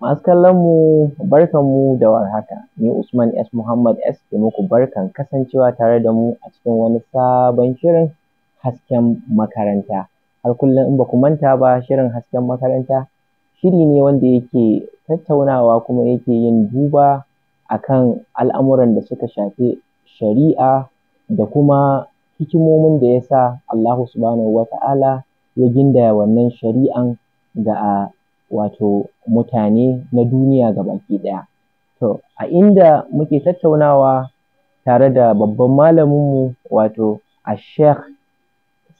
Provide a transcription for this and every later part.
Masu kallon mu barkan mu da warhaka, ni Usman S. Muhammad S. ke muku barkan kasancewa tare da mu a cikin wani sabon shirin hasken makaranta. Har kullum in ba ku manta ba shirin hasken makaranta shiri ne wanda yake tattaunawa kuma yake yin duba a kan al'amuran da suka shafi shari'a da kuma hikimomin da ya sa Allahu subhanahu wa ta'ala ya ginda wannan shari'an ga a. wato mutane na duniya gabaki ɗaya. To a inda muke tattaunawa tare da babban malaminmu wato a Sheikh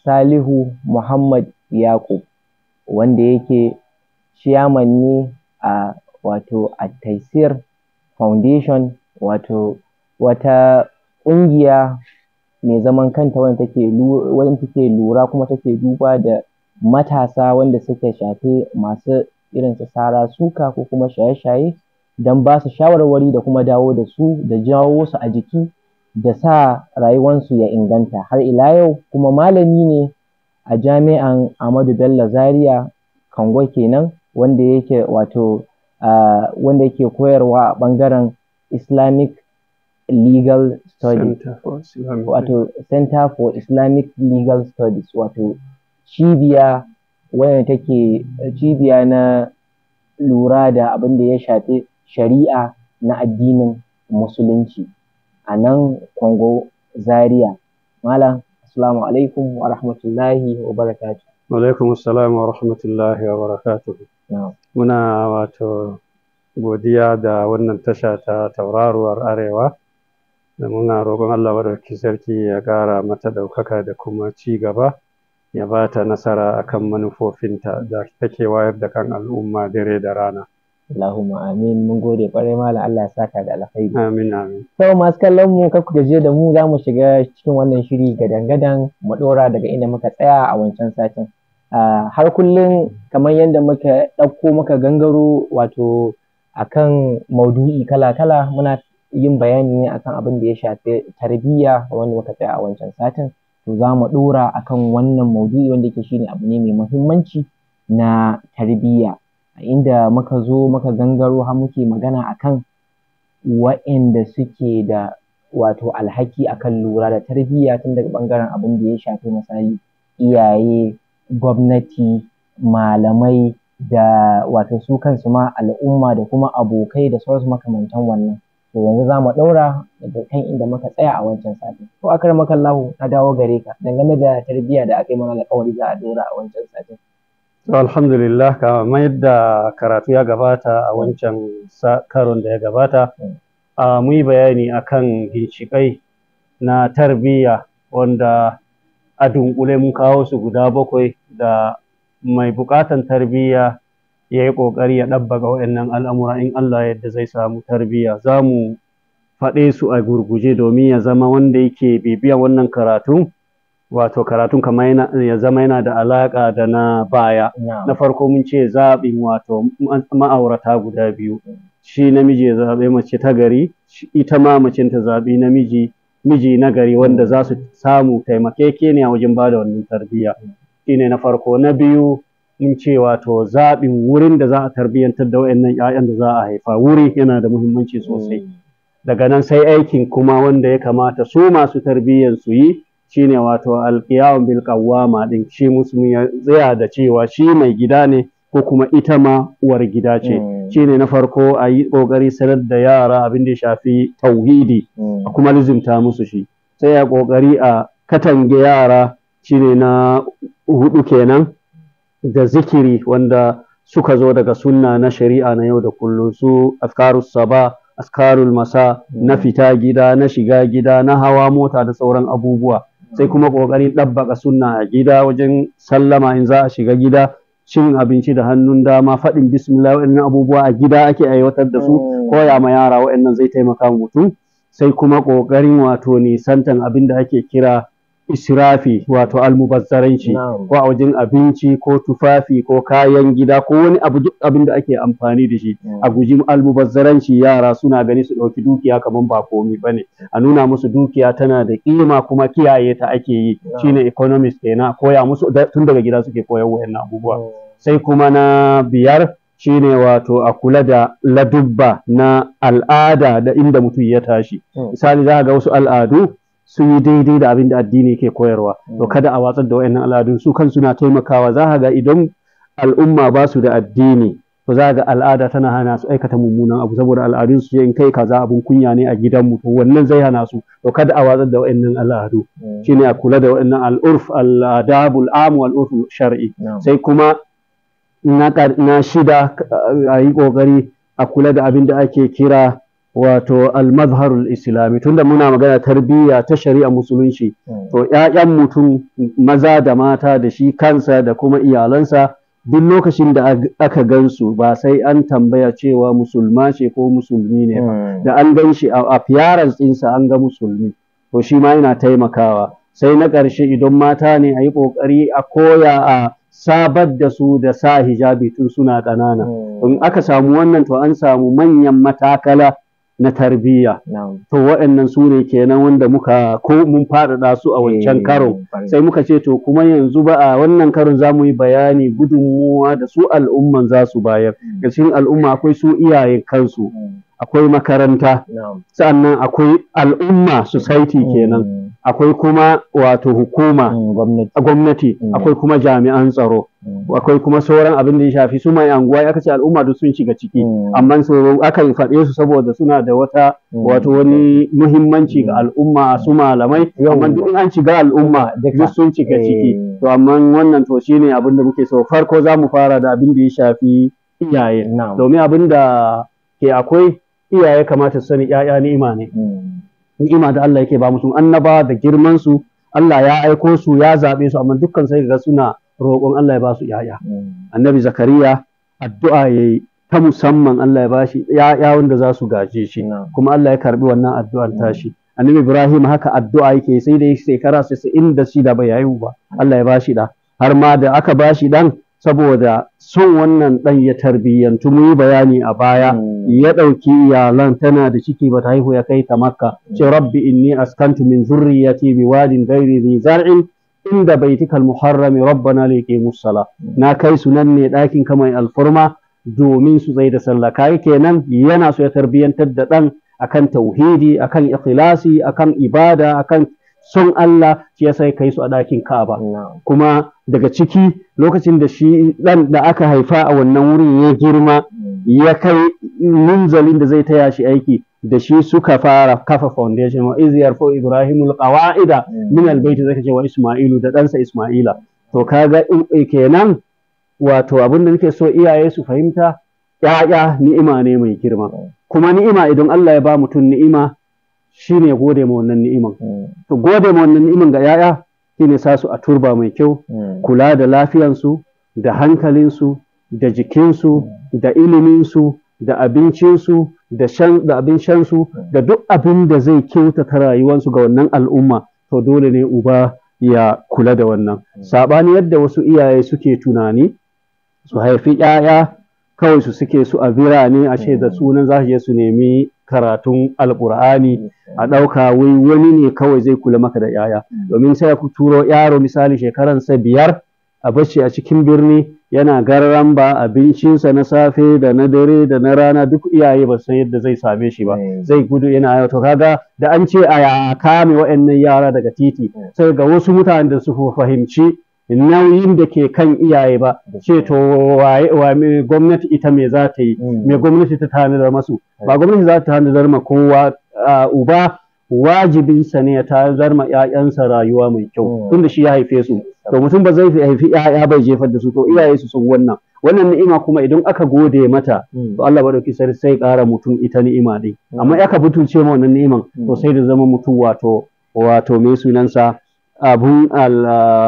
Salihu Muhammad Yaƙub wanda yake ciyaman ne a wato a Taisir Foundation wato wata ƙungiya mai zaman kanta wanda take lura kuma take duba da matasa wanda suka shafi masu irin su sara suka ko kuma shaye-shaye don ba su shawarwari da kuma dawo da su da jawo su a jiki da sa rayuwansu ya inganta har ila yau kuma malami ne a jami'an Ahmadu Bello Zaria Kango kenan wanda yake wato wanda yake koyarwa a ɓangaren Islamic Legal Studies wato Center for Islamic Legal Studies wato cibiya wanda take cibiya na lura da abin da ya shafi shari'a na addinin musulunci a nan Kongo Zaria. Malam, Assalamu alaikum wa rahmatullahi wa barakatu. Alaikum assalam wa rahmatullahi wa barakatu. Muna wato godiya da wannan tasha ta tauraruwar Arewa. da muna roƙon Allah wadda sarki ya ƙara mata ɗaukaka da kuma ci gaba. ya ba ta nasara akan manufofinta da take wayar da kan al'umma dare da rana. Allahumma amin mun gode kwarai malam Allah ya saka da alkhairi. Amin amin. Sau masu kallon mu kar ku gaje da mu za mu shiga cikin wannan shiri gadan-gadan mu dora daga inda muka tsaya a wancan satin. har kullum kamar yadda muka ɗauko muka gangaro wato akan maudu'i kala-kala muna yin bayani ne akan abin da ya shafi tarbiyya wanda muka tsaya a wancan satin. to za mu ɗora a kan wannan maudu'i wanda yake shine abu ne mai muhimmanci na tarbiyya a inda muka zo muka gangaro har muke magana a kan wa'inda suke da wato alhaki kan lura da tarbiyya tun daga ɓangaren abin da ya shafi misali iyaye gwamnati malamai da wato su kansu ma al'umma da kuma abokai da sauransu makamantan wannan to yanzu za mu ɗaura da kan inda muka tsaya a wancan satin kar maka makallahu na dawo gare ka dangane da tarbiyya da aka yi mana alƙawari za a ɗora a wancan safe. to alhamdulillah kamar yadda karatu ya gabata a wancan karon da ya gabata hmm. a mu yi bayani akan ginshiƙai na tarbiyya wanda a dunkule mun kawo su guda bakwai da mai buƙatan tarbiyya ya yi ƙoƙari ya ɗabbaga waɗannan al'amura in Allah yadda zai samu tarbiyya za mu faɗe su a gurguje domin ya zama wanda yake bibiya wannan karatu wato karatun kamar ya zama yana da alaƙa da na baya na farko mun ce zaɓin wato ma'aurata guda biyu shi namiji ya zaɓe mace ta gari ita ma macen ta zaɓi namiji miji na gari wanda za su samu taimakekeniya wajen ba da wannan tarbiyya shine na farko na biyu in cewa to zaɓin wurin da za a tarbiyyantar da wayannan 'ya'yan da za a haifa wuri yana da muhimmanci sosai daga nan sai aikin kuma wanda ya kamata su masu tarbiyyar su yi shine wato alƙiyawun bil qawwama din shi musulmi ya tsaya da cewa shi mai gida ne ko kuma ita ma uwar gida ce hmm. shine na farko a yi ƙoƙari sanar da yara abin da ya shafi tauhidi hmm. a kuma lizimta musu shi sai a ƙoƙari a katange yara shine na hudu kenan da zikiri wanda suka zo daga sunna na shari'a na yau da kullum su askarus saba askarul masa na fita gida na shiga gida na hawa mota da sauran abubuwa sai kuma ƙoƙarin ɗabbaka sunna a gida wajen sallama in za a shiga gida cin abinci da hannun dama faɗin bismillah waɗannan abubuwa a gida ake aiwatar da su oh. koya ma yara waɗannan zai taimaka mutum sai kuma ƙoƙarin wato nisantan abin da ake kira israfi wato almubazzaranci ko a wajen abinci ko tufafi ko kayan gida ko wani abu duk abin da ake amfani da shi a guji almubazzaranci yara suna gani su ɗauki dukiya kamar ba komi ba ne a nuna musu dukiya tana da ƙima kuma kiyaye ta ake yi shine economist kenan koya musu tun daga gida suke koyar wayannan abubuwa sai kuma na biyar shine wato a kula da ladubba na al'ada da inda mutum ya tashi hmm. misali za ga wasu al'adu sun yi daidai da abin da addini ke koyarwa to mm. kada a watsar da wayannan al'adun su kansu na taimakawa za ga idan al'umma ba su da addini to za ga al'ada tana hana su aikata mummunan abu saboda al'adun su in kai kaza abun kunya ne a gidanmu to wannan zai hana su to kada a watsar da wayannan al'adu mm. shine a kula da wayannan al'urf al'adabul am wal urf shar'i sai kuma na shida a yi kokari a kula da abin da ake kira wato almazharul islami tunda muna magana tarbiyya ta shari'a musulunci to hmm. ƴaƴan mutum maza da mata da shi kansa da kuma iyalansa duk lokacin da aka gansu ba sai an tambaya cewa musulma ce ko musulmi ne ba hmm. da an gan shi a appearance tsinsa an ga musulmi to shi ma yana taimakawa sai na ƙarshe idan mata ne a yi ƙoƙari a koya a sabar da su da sa hijabi tun suna ƙanana hmm. in aka samu wannan to an samu manyan matakala na tarbiyya to waɗannan su ne kenan wanda muka ko mun faɗaɗa su a wancan eh, karon sai muka ce to kuma yanzu ba a wannan karon za mu yi bayani gudunmuwa da su al'umman za su bayar hmm. ga cikin al'umma akwai su iyayen kansu hmm. akwai makaranta sannan akwai al'umma society hmm. kenan akwai kuma wato hukuma mm, gwamnati mm. akwai kuma jami'an tsaro mm. akwai kuma sauran abin da ya shafi su mai anguwa ya kace al'umma duk sun shiga ciki amma su akan faɗe su saboda suna da wata wato wani muhimmanci ga al'umma su malamai amma duk an shiga al'umma duk sun shiga eh. ciki to amma wannan to shine abin da muke so farko za mu fara da abin da ya shafi iyaye domin abin da ke akwai iyaye kamata su sani 'ya'ya ni'ima ne ni'ima da Allah yake ba musu annaba da girman su Allah ya aiko su ya zaɓe su amma dukkan sai ga suna roƙon Allah ya ba su yaya mm. annabi zakariya addu'a yayi ta musamman Allah ya shi ya wanda za su gaje shi mm. kuma Allah ya karbi wannan addu'ar ta shi. annabi Ibrahim haka addu'a yake sai da shekara da bai yayu ba Allah ya ba shi da har ma da aka ba shi dan saboda sun wannan ɗan ya tarbiyyantu mu yi bayani a baya hmm. ya ɗauki iyalan tana da ciki ba ta haihu ya kai ta makka ce rabbi inni askantu min zurriyati bi wadin ghairi dhi zar'in inda baitikal muharrami rabbana liqimus sala na kai su nan ne ɗakin ka mai alfarma domin su tsaye da sallaka. kai kenan yana so ya tarbiyyantar da ɗan akan tauhidi akan ikhlasi akan ibada akan son Allah shi ya sai kai su a ɗakin Ka'aba kuma daga ciki lokacin da shi ɗan da aka haifa a wannan wurin ya girma ya kai munzalin da zai taya shi aiki da shi suka fara kafa foundation wa iz yarfu ibrahimul qawaida mm. min albaita zaka ce wa isma'ilu da ɗansa isma'ila to kaga in eh, kenan wato abin da nake so iyaye su fahimta ya'ya ni'ima ne mai girma mm. kuma ni'ima idan Allah ya ba mutum ni'ima shi ne gode ma wannan ni'iman hmm. to gode ma wannan ni'iman ga yaya shi ne sa su a turba mai kyau hmm. kula da lafiyansu da hankalinsu da jikinsu hmm. da iliminsu da abincinsu da shan da abin shansu da duk abin da zai kyautata rayuwarsu ga wannan al'umma to dole ne uba ya kula da wannan sabani yadda wasu iyaye suke tunani su haifi 'ya'ya kawai su suke su a birane ashe da sunan za su je su nemi karatun alkur'ani a ɗauka wai wani ne kawai zai kula maka da yaya domin sai ku turo yaro misali sa biyar a bacci a cikin birni yana garran ba abincinsa na safe da na dare da na rana duk iyaye ba san yadda zai same shi ba eh. zai gudu yana to kaga da an ce a kame waɗannan yara daga titi eh. sai ga wasu mutanen da su fahimci nauyin da ke kan iyaye ba ce to waye wa gwamnati ita me za ta yi mm. me gwamnati ta tanadar masu ba gwamnati za ta tanadar ma kowa uba wajibinsa ne ya tanadar ma ƴaƴansa rayuwa mai kyau mm. tunda shi ya haife su to mutum ba zai haifi ƴaƴa bai jefar da su to iyaye su sun wannan wannan ni'ima kuma idan aka gode mata mm. to Allah madauki sarki sai kara mutum ita ni'ima din amma aka butulce ma wannan ni'iman to sai da zama mutum wato wato mai sunansa abun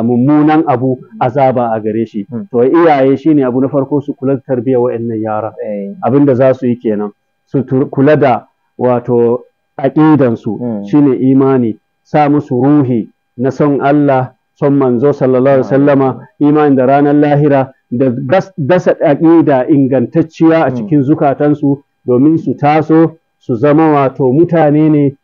mummunan abu zaba a gare shi hmm. to iyaye shine abu na farko su kula da tarbiyyar wa'annan yara eh. abin da za su yi kenan su kula da wato aƙidansu hmm. shine imani sa musu ruhi na son Allah son manzo sallallahu alaihi wasallama hmm. imani da ranar lahira da dasa aƙida ingantacciya a cikin zukatansu domin su taso su zama wato mutane ne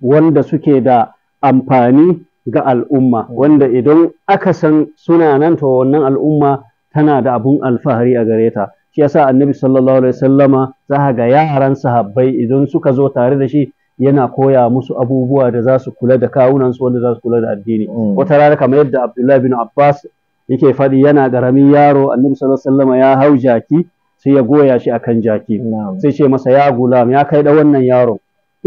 wanda suke da amfani ga al'umma wanda idan aka san suna nan to wannan al'umma tana da abun alfahari a gare ta shi yasa annabi sallallahu alaihi wasallama za ga yaran sahabbai idan suka zo tare da shi yana koya musu abubuwa da za su kula da kawunan su wanda za su kula da addini mm. wata rana kamar yadda abdullahi bin abbas yake faɗi yana ƙaramin yaro annabi sallallahu alaihi wasallama ya hau jaki sai ya goya shi akan jaki sai ce masa ya gulam ya kai da wannan yaron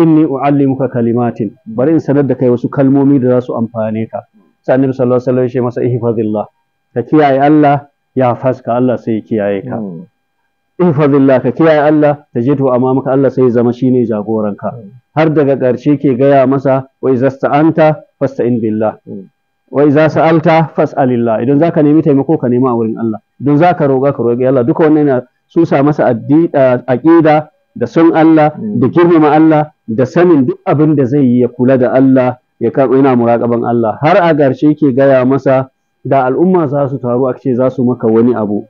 inni u'allimuka kalimatin bari in sanar da kai wasu kalmomi da za su amfane ka sai annabi sallallahu alaihi wasallam ya ce masa ihfazillah ka kiyaye Allah ya faska Allah sai ya kiyaye ka hmm. ihfazillah ka kiyaye Allah tajidu amamaka Allah sai ya zama shine jagoranka hmm. har daga ƙarshe ke gaya masa wa iza sta'anta fasta'in billah hmm. wa iza sa'alta fas'alillah idan zaka nemi taimako ka nema a wurin Allah idan zaka roga, ka roƙi Allah duka wannan yana susa masa aqida da sun Allah da girmama Allah da sanin duk abin da zai yi ya kula da Allah ya karɓi yana muraƙaban Allah har a ƙarshe ke gaya masa da al'umma za su taru a ce za su maka wani abu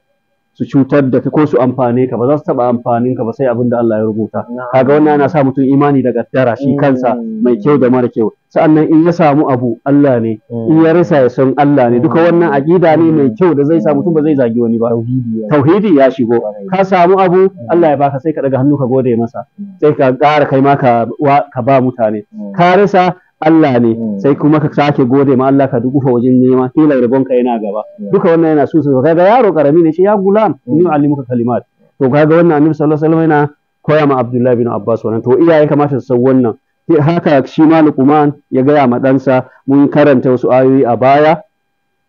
su cutar da ka ko su amfane ka ba za su taba amfanin ka ba sai abin da Allah ya rubuta kaga wannan yana sa mutum imani da gaddara shi kansa mai kyau da mara kyau sa'annan in ya samu abu Allah ne in ya rasa ya san Allah ne duka wannan aqida ne mai kyau da zai sa mutum ba zai zagi wani ba tauhidi ya shigo ka samu abu Allah ya baka sai ka daga hannu ka gode masa sai ka ƙara kai ma ka ba mutane ka rasa Allah ne hmm. sai kuma ka sake gode ma Allah ka dukufa wajen nema kila rabonka yana gaba hmm. duka wannan yana susu ka ga yaro karami ne shi ya gulam hmm. ni alimuka kalimat to ga wannan annabi sallallahu alaihi wasallam yana koya ma Abdullahi bin Abbas wannan to iyaye kamata su san wannan haka shi ma Luqman ya gaya ma ɗansa mun karanta wasu ayoyi a baya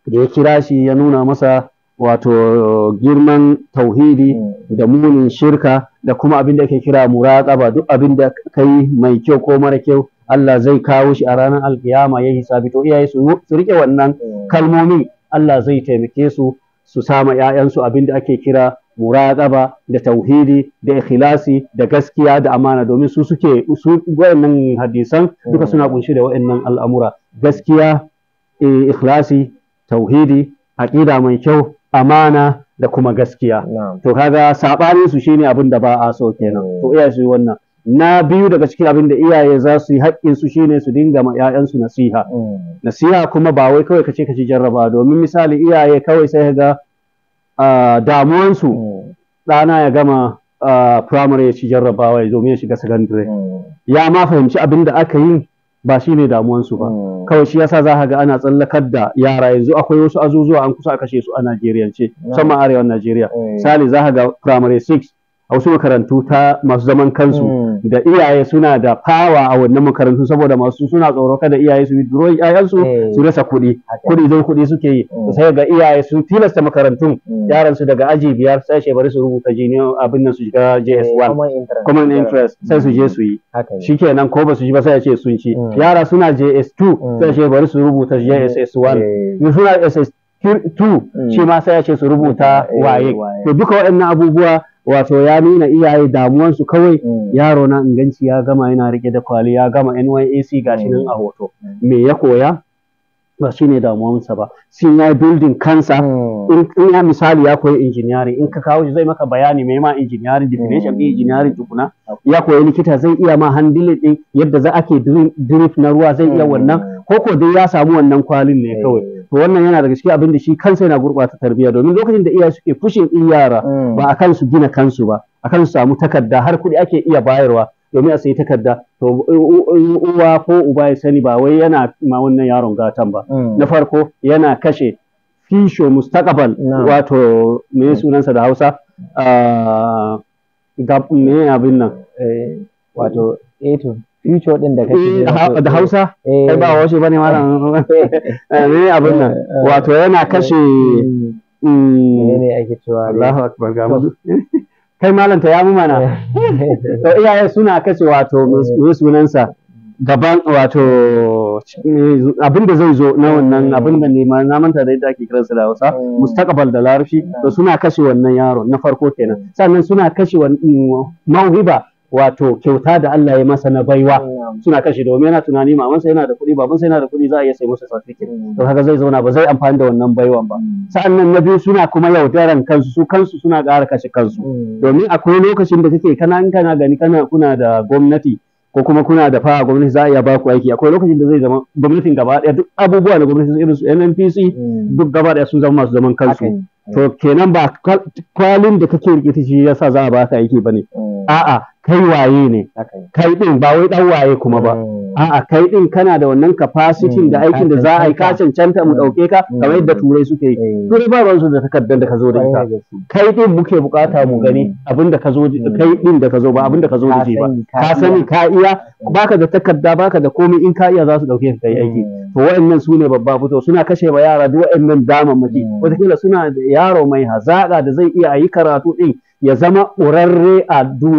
da ya kira shi ya nuna masa wato girman tauhidi da munin shirka da kuma abin da yake kira muraqaba duk abin da kai mai kyau ko mara kyau Allah zai kawo shi a ranar alkiyama ya hisabi to iyaye su rike wannan kalmomi. Allah zai taimake su su sama ƴaƴansu abin da ake kira muraqaba da tauhidi da ikhlasi da gaskiya da amana domin su suke su hadisan duka suna kunshi da wa'annan al'amura gaskiya eh, ikhlasi tauhidi aƙida mai kyau amana da kuma gaskiya to kaga sabanin su shine abin da ba a so kenan mm. to iyaye su wannan na biyu daga cikin abin da iyaye za su yi haƙƙin su shine su dinga ma ƴaƴansu nasiha mm. nasiha kuma ba wai kawai kace kace jarraba domin misali iyaye kawai sai ga damuwansu mm. ɗana ya gama primary ya ci jarrabawa ya zo ya shiga secondary mm. ya ma fahimci abin da aka yi ba shine damuwansu ba kawai shi yasa za ga ana tsallakar da yara yanzu akwai wasu azuzuwa an kusa a kashe su a Najeriya ce musamman arewa Najeriya misali za ga primary 6 a wasu makarantu ta masu zaman kansu hmm. da iyaye suna da fawa a wannan makarantu saboda masu suna tsoro kada iyaye su withdraw ƴaƴansu hmm. su rasa kuɗi kuɗi don kuɗi suke yi hmm. sai ga iyaye sun tilasta makarantun yaran su daga aji biyar sai shi bari su rubuta jiniyo abin nan su shiga eh, JS1 common interest sai su je su yi shikenan ko ba su ji ba sai ya ce sun ci yara suna JS2 sai shi bari su rubuta js 1 eh. suna SS2 shi ma sai ya ce su rubuta eh, waye to duka waɗannan abubuwa wato ya nuna iyaye damuwansu kawai mm. yaro na inganci ya gama yana rike da kwali ya gama NYAC gashi nan a mm. hoto mm. me ya koya ba shi ne damuwansa ba sun ya building kansa in ya misali ya koyi engineering in ka kawo shi zai maka bayani mai ma engineering definition din engineering tukuna ya koyi likita zai iya ma handling din yadda za ake drip na ruwa zai iya wannan ko ko dai ya samu wannan kwalin ne kawai eh. to wannan yana daga cikin abin da shi kansa yana gurɓata tarbiyya domin lokacin da iyaye suke fushin in yara mm. ba a kan gina kansu ba a kan su samu takarda har kuɗi ake iya bayarwa domin a sayi takarda to uwa ko uba ya sani ba wai yana ma wannan yaron gatan ba mm. na farko yana kashe fisho mustaqbal wato me mm. sunansa da Hausa ah, me abin nan eh, wato eto eh, future din da kake eh, da Hausa eh. kai ba washe bane malam ne eh, abin nan wato yana kashe hmm. hmm. ne ake cewa Allahu akbar ga kai malam ta ya mu mana to iyaye suna kashe wato me sunansa gaban wato abin da zai zo na wannan abin da ne na manta da yadda ake su da Hausa mustaqbal da Larushi to suna kashe wannan yaro na farko kenan sannan suna kashe mm, mauhiba wato kyauta da Allah ya masa na baiwa suna kashe domin yana tunani mamansa yana da kuɗi babansa yana da kuɗi za a iya sai masa certificate to haka zai zauna ba zai amfani da wannan baiwan ba mm. sa'annan na biyu suna kuma yaudaran kansu su kansu suna ƙara kashe kansu mm. domin akwai lokacin da kake kana in kana gani kana kuna da gwamnati ko kuma kuna da fa gwamnati za a iya baku aiki akwai lokacin da zai zama gwamnatin gaba daya duk abubuwa na gwamnati irin su NNPC mm. duk gaba daya sun zama masu zaman kansu to kenan ba kwalin da kake rikici shi yasa za a baka aiki bane a'a kai waye ne kai din ba wai dan waye kuma ba mm. a'a kai din kana da wannan capacity da mm, aikin da za a yi ka cancanta mu dauke ka mm. kamar yadda turai suke yi turai ba ruwan su da takardar da ka zo da ita kai din muke bukata mu gani abinda da ka zo kai din da ka zo ba abinda ka zo da ba ka sani ka iya baka da takarda baka da komai in ka iya za su dauke ka kai aiki to wa'annan sune ne babba fito suna kashe ba yara duk wa'annan damammaki kila suna da yaro mai hazaka da zai iya yi karatu din ya zama ƙurarre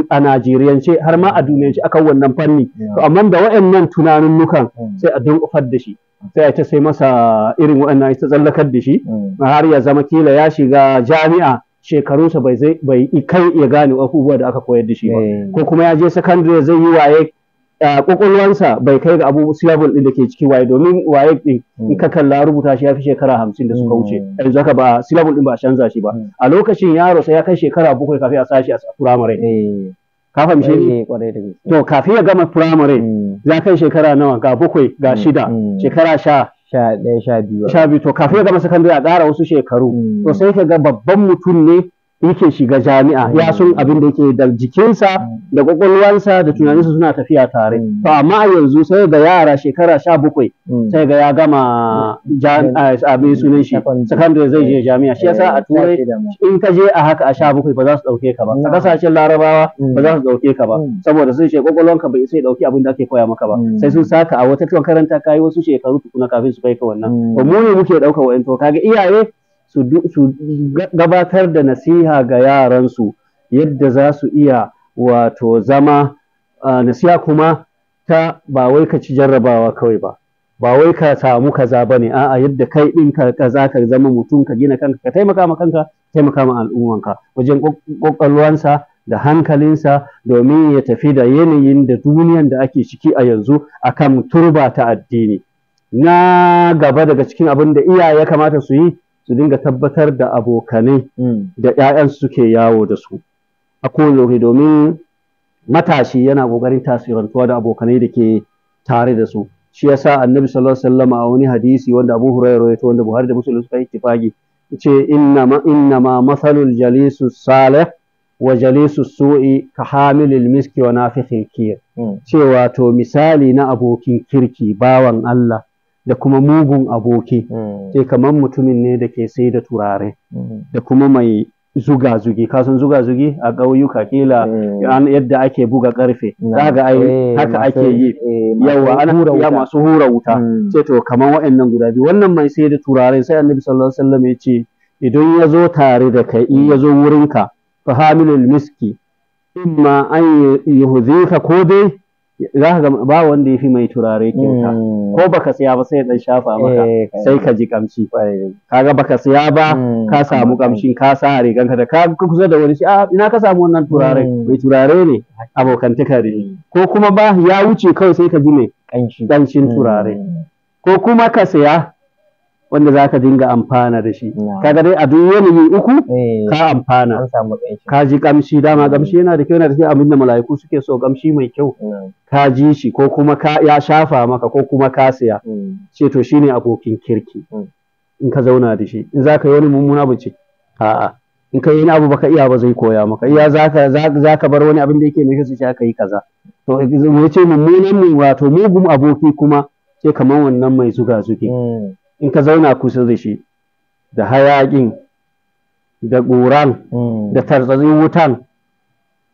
a Najeriyance har ma a duniyance kan wannan fanni to amma da waɗannan nukan mm. sai a dunkufar da shi sai a ta sai masa irin a ta tsallakar da shi mm. har ya zama kila ya shiga jami'a shekarunsa bai kai ya gane abubuwa da aka koyar da shi ba ko kuma ya je sakandare zai yi waye kwakwalwansa bai kai ga abu syllable din da ke ciki waye domin waye din hmm. in ka kalla rubuta shi ya fi shekara hamsin da suka wuce hmm. yanzu haka ba syllable din ba a canza shi ba hmm. a lokacin yaro sai ya kai shekara bakwai kafin a sashi a firamare eh. ka fahimce ni eh, to kafin ya gama firamare ya kai shekara nawa ga bakwai ga shida shekara sha sha biyu to kafin ya gama sakandare a ƙara wasu shekaru to sai ka ga babban mutum ne yake shiga jami'a ya sun abin da yake da jikinsa da kwakwalwansa da tunaninsa suna tafiya tare to amma a yanzu sai da yara shekara sha bakwai sai ga ya gama abin sunan shi sakandare zai je jami'a shi yasa a turai in ka je a haka a sha bakwai ba za su dauke ka ba a kasashen larabawa ba za su dauke ka ba saboda sun ce kwakwalwanka bai sai dauki abin da ake koya maka ba sai sun saka a wata tuwa karanta kayi wasu shekaru tukuna kafin su kai ka wannan ba mu ne muke dauka wa'in to kaga iyaye su gabatar da nasiha ga yaransu yadda za su iya wato zama nasiha kuma ta ba wai ka ci jarrabawa kawai ba ba wai ka samu kaza ba ne a'a yadda kai ɗin ka kaza ka zama mutum ka gina kanka ka taimaka ma kanka taimaka ma al'ummanka wajen ƙwaƙwalwansa da hankalinsa domin ya tafi da yanayin da duniyan da ake ciki a yanzu a kan turba ta addini na gaba daga cikin abin da iyaye kamata su yi su dinga tabbatar da abokanai mm. da 'ya'yansu suke yawo da su a kowane domin matashi yana ƙoƙarin tasirantuwa da abokanai da ke tare da su shi yasa annabi sallallahu alaihi wasallam a wani hadisi wanda Abu Hurairah ya wanda Buhari da Muslim suka ittifaqi yace inna ma inna ma mathalul jalisu salih wa jalisu su'i ka hamilil miski wa nafikhil kir mm. cewa to misali na abokin kirki bawan Allah da kuma mugun aboki mm. sai kamar mutumin ne da ke sai da turare mm. da kuma mai zuga zugi kasan zuga zugi a ƙauyuka kila mm. yadda ake buga karfe ga ai eh, haka ake yi eh, yawa ana ya masu hura wuta sai to kamar waɗannan guda biyu wannan mai sai da turare sai annabi sallallahu alaihi wasallam ya ce idan ya zo tare da kai in ya zo wurinka fa hamilul miski imma an yuhzika ko dai za ka ga ba wanda ya fi mai turare kyauta hmm. ko baka siya ba sai ya dan shafa maka eh, sai ka ji kamshi kaga baka siya ba hmm. ka samu kamshin ka sa rigan ka da ka kusa da wani shi a ah, ina ka samu wannan turare hmm. mai turare ne abokantaka ne ko kuma ba ya wuce kawai sai ka ji mai kanshin turare ko kuma ka siya wanda za ka dinga amfana da shi kaga dai a duk yanayi uku eh, ka amfana ka ji kamshi dama kamshi yana da kyau yana da kyau abinda mala'iku suke so kamshi mai kyau ka ji shi ko kuma ka ya shafa maka ko kuma ka siya ce hmm. to shine abokin kirki hmm. in ka zauna da shi in za ka yi wani mummuna bace a'a in ka yi abu baka iya ba zai koya maka iya za ka bar wani abin da yake mai shi aka yi kaza to ya ce mummunan mu wato mugun aboki kuma ce kamar wannan mai zuga zuke hmm. in ka zauna kusa da shi da hayaƙin da ƙuran hmm. da tarzazin wutan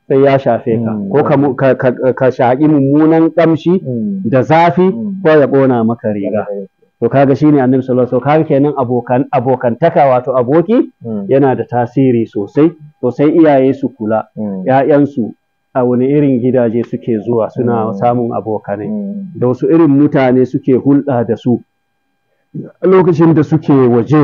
sai ya shafe ka hmm. ko ka shaƙi mummunan ƙamshi hmm. da zafi ko ya ƙona maka riga to kaga shine annabi sallallahu alaihi wasallam kenan abokan abokantaka wato aboki yana da tasiri sosai Sosai sai iyaye su kula Ya'yansu a wani irin gidaje suke zuwa suna samun abokanai da wasu irin mutane suke hulɗa da su lokacin da suke waje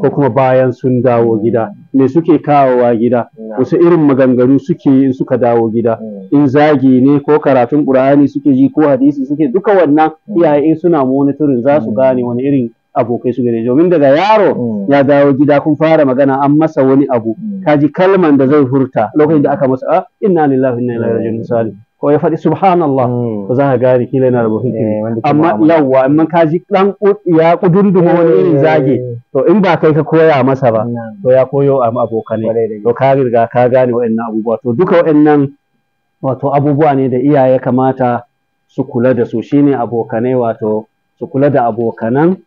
ko hmm. kuma bayan sun dawo hmm. gida me suke kawowa gida hmm. wasu irin maganganu suke in suka dawo gida in zagi ne ko karatun qur'ani suke ji ko hadisi suke duka wannan iyaye suna monitorin za su gane wani irin abokai su gare domin daga yaro ya dawo gida kun fara magana an masa wani abu kaji kalman da zai hurta lokacin da aka masa ah, inna lillahi inna ilaihi raji'un misali ko ya faɗi subhanallah ba hmm. za ka gane kila yana da bakin eh, kiri amma lawa amma ka ji dan ya kudunduma wani irin eh. zage to in ba kai ka koya masa ba to ya koyo a ne to ka riga ka gane waɗannan abubuwa to duka waɗannan wato abubuwa ne da iyaye kamata su kula da su shine abokanai wato su kula da abokanan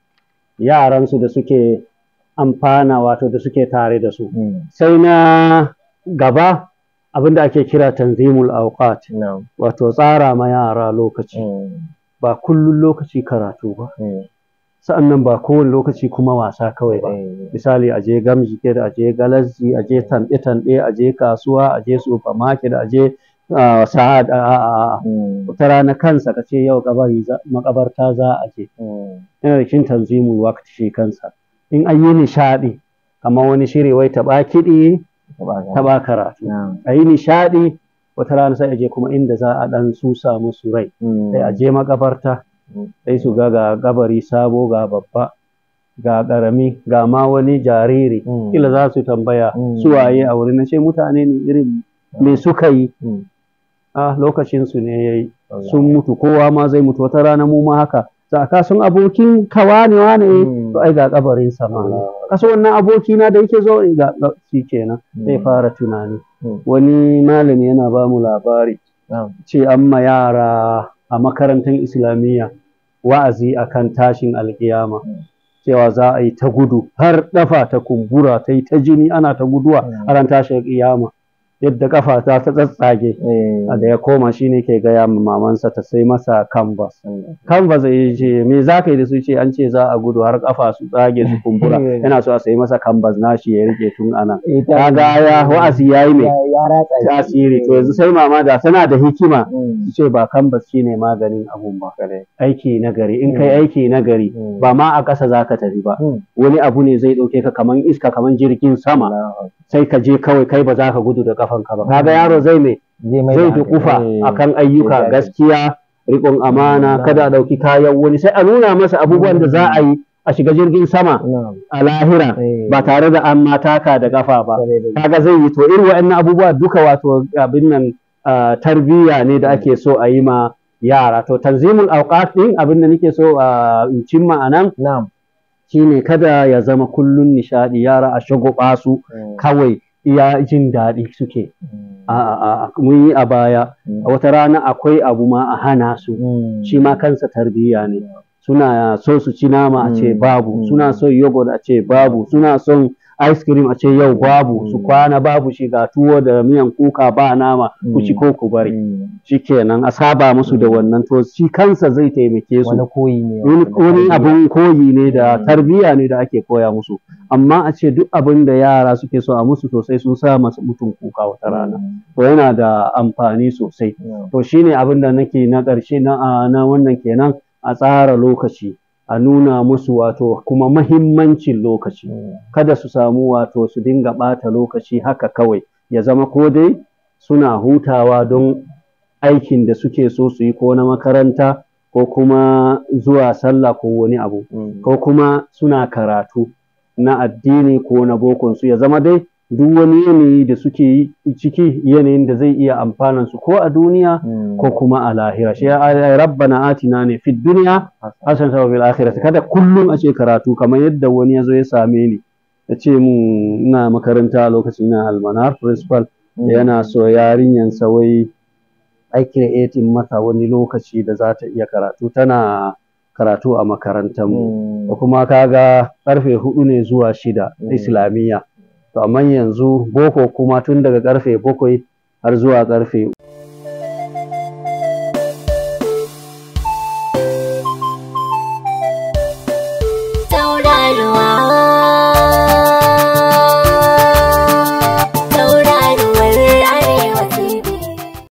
yaransu da suke amfana wato da suke tare da su hmm. sai na gaba abin da ake kira tanzimul awqat wato tsara ma yara lokaci hmm. ba kullun lokaci karatu ba hmm. sa'annan ba kowane lokaci kuma wasa kawai ba hmm. misali a je gamji ke da je galazzi a je tanɗe tanɗe a je kasuwa a je supermarket a je sa'ad a wata rana kansa ka ce yau makabarta za a je yana da cin tanzimul waqt shi kansa in an yi nishaɗi kamar wani shiri wai taɓa kiɗi ta karatu a yi nishaɗi wata rana sai a je kuma inda za a ɗan susa musu rai mm. sai a je makabarta mm. sai su ga ga gabari sabo ga babba ga ƙarami ga ma wani jariri mm. kila za su tambaya su waye a wurin ce mutane ne irin me suka yi a ah, lokacin su ne yayi sun mutu kowa ma zai mutu wata rana mu ma haka saka sun abokin ka wane wane hmm. to ai ga kabarin sa ma hmm. kaso wannan aboki na da yake zo ga shi kenan hmm. zai fara tunani wani malami yana ba mu labari ce amma yara a makarantar islamiyya wa'azi akan tashin alkiyama cewa za a yi ta gudu har dafa ta kumbura ta yi ta jini ana ta guduwa a ran tashin alkiyama yadda kafa ta ta tsatsage eh. da ya koma shine ke gaya ma mamansa ta sai masa canvas mm. canvas ya ce me za ka yi da su ce an ce za a gudu har kafa su tsage su kumbura eh. yana so a sai masa canvas shi ya rike tun anan eh, kaga ya wa'azi ya yayi mai tasiri to yanzu sai mama da tana da hikima mm. su ce ba canvas ne maganin abun ba aiki na gari in kai mm. aiki na gari ba ma a ƙasa za ka tafi ba wani abu ne zai ɗauke ka kaman iska kamar jirgin sama sai ka je kawai kai ba za ka gudu da kafa Ka ba kaga yaro zai me zai eh, a akan ayyuka gaskiya riƙon amana kada a ɗauki kayan wani sai a nuna masa abubuwan da za a yi a shiga jirgin sama a lahira eh. ba tare da an mataka da kafa ba kaga zai yi to irin wa'annan abubuwa duka wato abin nan tarbiyya ne da ake so a yi ma yara to tanzimul awqat din abin da nake so a cimma anan shine kada ya zama kullun nishaɗi yara a shago su eh. kawai iya jin daɗi suke mm. a mun yi a baya mm. wata rana akwai abu ma a hana su mm. shi ma kansa tarbiyya ne suna so su ci nama a ce babu suna son yogurt a ce babu suna son ice cream a ce yau mm. babu su kwana babu shi ga tuwo da miyan kuka ba nama ku mm. ci ko ku bari mm. shikenan a saba musu da wannan to shi kansa zai taimake su wani koyi ne wani abun koyi ne da tarbiyya ne da ake koya musu amma a ce duk abin da yara suke so a musu sosai sun sa masu mutum kuka wata rana to yana da amfani sosai to shine abin da nake na ƙarshe na wannan kenan a tsara lokaci a nuna musu wato kuma mahimmancin lokaci kada su samu wato su dinga ɓata lokaci haka kawai ya zama ko dai suna hutawa don aikin da suke so su yi ko na makaranta ko kuma zuwa sallah ko wani abu mm. ko kuma suna karatu na addini ko na bokonsu ya zama dai duk wani yanayi da suke yi ciki yanayin da zai iya amfanan su ko a duniya hmm. ko kuma a lahira shi ya rabbana atina ne fi duniya hasan sa fil akhirati kada kullum a ce karatu kamar yadda wani ya zo ya same ni ya ce mu ina makaranta lokacin na almanar principal hmm. yana so yarinyan wai ai creating mata wani lokaci da za ta iya karatu tana karatu a makarantar mu hmm. kuma kaga karfe hudu ne zuwa shida islamiyya to amma yanzu boko kuma tun daga karfe bakwai har zuwa karfe